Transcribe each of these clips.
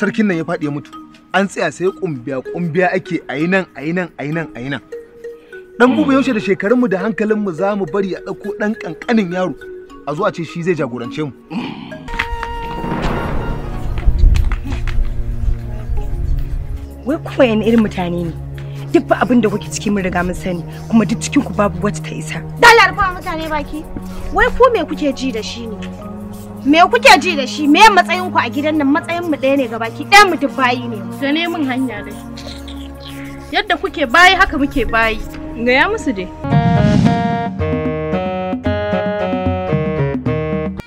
sarkin nan ya faɗi ya mutu an tsaya sai kumbiya kumbiya ake ayi nan ayi nan dan buba hmm. yaushe da shekarunmu da hankalinmu za mu bari a ɗauko ɗan ƙanƙanin yaro a zuwa a ce shi zai jagorance mu wai kuma yana irin mutane ne duk ba abin da kuke ciki mun riga mun sani kuma duk cikin ku babu wata ta isa dalar fa mutane baki wai ko me kuke ji da shi ne me kuke ji da shi me matsayin ku a gidan nan matsayin mu ɗaya ne gabaki ɗaya mu bayi ne da ne mun hanya da shi yadda kuke bayi haka muke bayi ya musu dai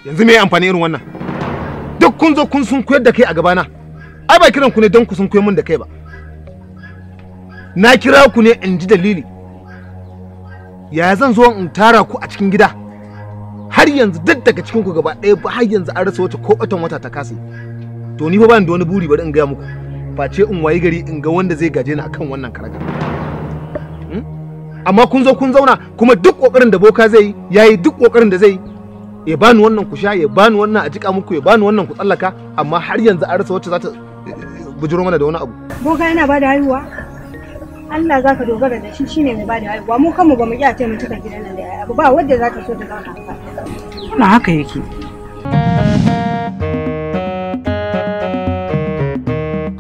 yanzu me amfani irin wannan duk kun zo kun sun koyar da kai a gabana ai ba kiran ku ne don ku sun koyar mun da kai ba na kira ku ne in ji dalili yaya zan zo in tara ku a cikin gida har yanzu duk daga cikin ku gaba ɗaya ba har yanzu an rasa wata ko watan wata ta kasa to ni fa ni da wani buri bari in gaya muku face in wayi gari in ga wanda zai gaje ni akan wannan karaga hmm? amma kun zo kun zauna kuma duk kokarin da boka zai yayi duk kokarin da zai ya bani wannan ku sha ya bani wannan a jika muku ya bani wannan ku tsallaka amma har yanzu an rasa wata za ta eh, bujiro mana da wani abu boka yana bada haihuwa Allah za ka dogara da shi shine mai bada haihuwa mu kanmu ba mu iya taimaka gidan nan da abu ba wanda za so ta zauna ba. haka yake.